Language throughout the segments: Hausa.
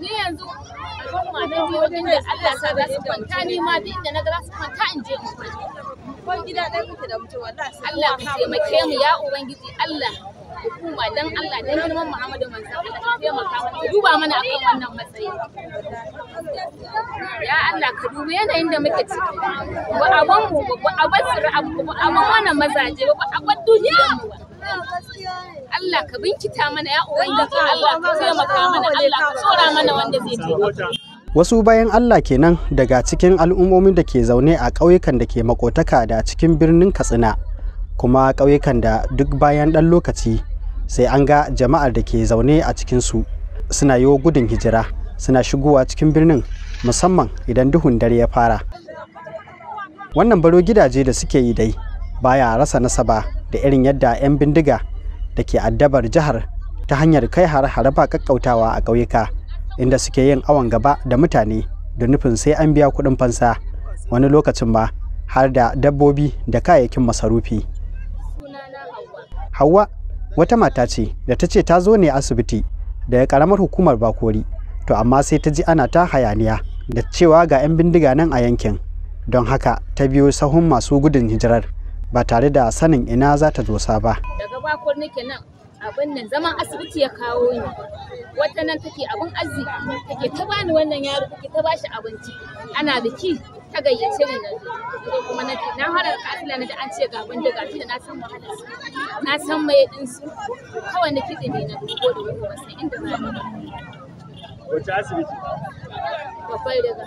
Ni yanzu al'umma na biyo inda Allah sa za su kwanta ni ma duk inda na ga za su kwanta in je mu kwanta. Kwan gida ɗan kuke da mutum wallahi Allah ku taimake mu ya ubangiji Allah hukuma dan Allah dan girman Muhammadu manzon Allah ya taimaka mu duba mana akan wannan matsayi. Ya Allah ka dubi yanayin da muke ciki. Ba abin mu ba abin sirri ba abin wannan mazaje ba abin duniya mu ba. Allah ka binkita mana ya ubangiji Allah ka taimaka mana Allah ka tsora mana wanda zai taimaka wasu bayan Allah kenan daga cikin al'ummomin da ke zaune a ƙauyukan da ke makotaka da cikin birnin Katsina kuma ƙauyukan da duk bayan ɗan lokaci sai an ga jama'ar da ke zaune a cikinsu suna yi gudun hijira suna shigowa cikin birnin musamman idan duhun dare ya fara wannan baro gidaje da suke yi dai baya rasa nasaba da irin yadda 'yan bindiga da ke addabar jihar ta hanyar kai har-hare kakkautawa a ƙauyuka inda suke yin awon gaba da mutane da nufin sai an biya kuɗin fansa wani lokacin ba har da dabbobi da kayayyakin masarufi. Hauwa wata mata ce da ta ce ta zo ne asibiti ya karamar hukumar Bakori to amma sai ta ji ana ta hayaniya da cewa ga 'yan bindiga nan a yankin don haka ta biyo sahun masu gudun hijirar ba tare da sanin ina za ta dosa ba. Daga bakwar nake nan abin nan zaman asibiti ya kawo ni. Wata nan take abin arziki take ta bani wannan yaro take ta bashi abinci ana biki ta gayyace ni na zo kuma na na hana kafila na da an ce ga abin da ga da na san wahala. na san mai din su kawai na kitse ne na dogo da wani wasu inda na yi. Wace asibiti? Babbar daga.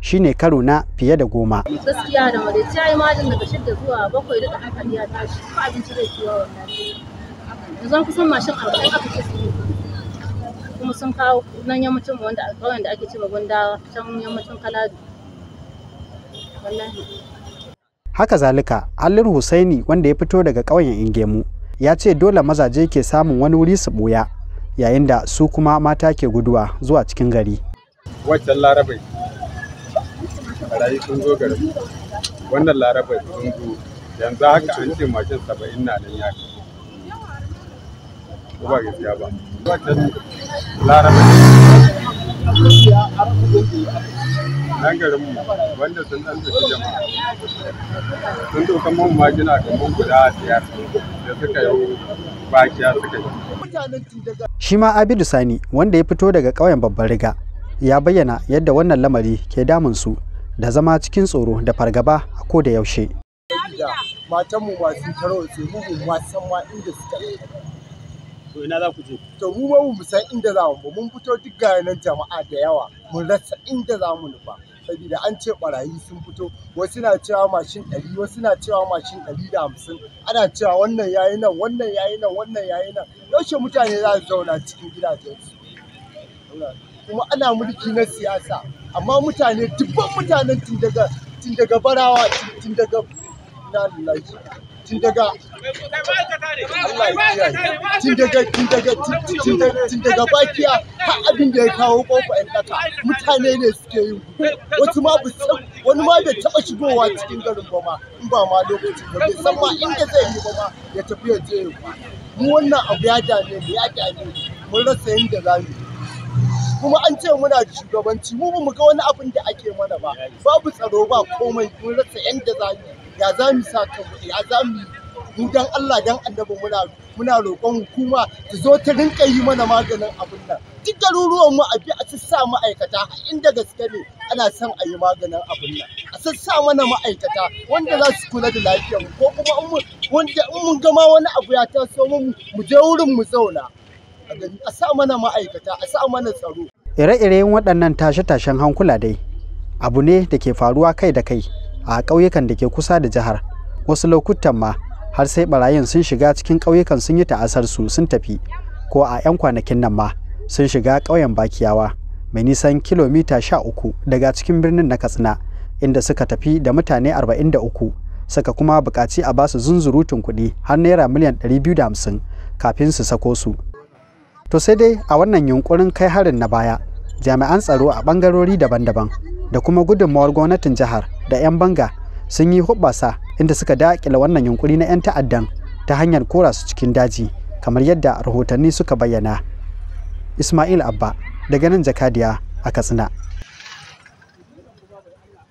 shine karo na fiye da goma. Gaskiya da wadda ta yi majin daga shidda zuwa bakwai duka hankali ya tashi ko abinci zai ciwa wallahi. Yanzu an kusan mashin arba'in aka ce su kuma sun kawo nan yammacin mu wanda ƙauyen da ake cewa gunda can yammacin Kaladu. Haka zalika, Alir Husaini wanda ya fito daga ƙauyen Ingemu ya ce dole mazaje ke samun wani wuri su ɓuya yayin da su kuma mata ke guduwa zuwa cikin gari. Waccan larabai barayi sun zo garin wannan laraba sun zo yanzu haka an ce mashin saba'in na nan ya ko ba gaskiya ba yi laraba nan garin mu wanda sun dan tafi jama'a sun dokan man majina kamar guda biyar da suka yi bakiya suka yi shi ma abidu sani wanda ya fito daga ƙauyen Babbar riga ya bayyana yadda wannan lamari ke damun su da zama cikin tsoro da fargaba a ko da yaushe. matanmu masu tarwar tsoro masu san ma inda suka To ina za ku je? To mu ba mu san inda za mu ba mun fito duk gayanan jama'a da yawa mun rasa inda za mu nufa. Saboda an ce barayi sun fito wasu na cewa mashin ɗari wasu na cewa mashin ɗari da hamsin ana cewa wannan yayi nan wannan yayi nan wannan yayi nan yaushe mutane za su zauna cikin gidajensu. Kuma ana mulki na siyasa amma mutane dubban mutanen tun daga tun daga barawa tun daga na lillahi tun daga tun daga tun daga tun daga bakiya har abin da ya kawo kofa yan daka mutane ne suke yi. wasu ma wani ma bai taba shigowa cikin garin ba ma in ba ma lokacin da bai san ma inda zai yi ba ma ya tafi ya je mu wannan abu ya dame mu ya dame mu mun rasa yin da zamu kuma an ce muna da shugabanci mu ba mu ga wani abin da ake mana ba babu tsaro ba komai mun rasa yanda za mu ya za mu sa ka ya za mu mu dan Allah dan annabi muna muna roƙon hukuma ta zo ta rinka yi mana maganin abin nan duk garuruwan mu a bi a sassa ma'aikata inda gaske ne ana son a yi maganin abin nan a sassa mana ma'aikata wanda za su kula da lafiyar mu ko kuma in mun ga ma wani abu ya taso mu mu je wurin mu zauna tsaro ire-iren waɗannan tashe-tashen hankula dai abu ne da ke faruwa kai da kai a ƙauyukan da ke kusa da jihar wasu lokutan ma har sai barayin sun shiga cikin ƙauyukan sun yi ta'asar su sun tafi ko a 'yan kwanakin nan ma sun shiga ƙauyen bakiyawa mai nisan kilomita 13 daga cikin birnin na katsina inda suka tafi da mutane 43 suka kuma buƙaci a basu zunzurutun kuɗi har naira miliyan 250 kafin su sako su to sai dai a wannan yunkurin kai harin na baya jami'an tsaro a bangarori daban-daban da kuma gudunmawar gwamnatin jihar da 'yan banga sun yi hubbasa inda suka daƙila wannan yunkuri na 'yan ta'addan ta hanyar kora su cikin daji kamar yadda rahotanni suka bayyana ismail abba daga nan jakadiya a katsina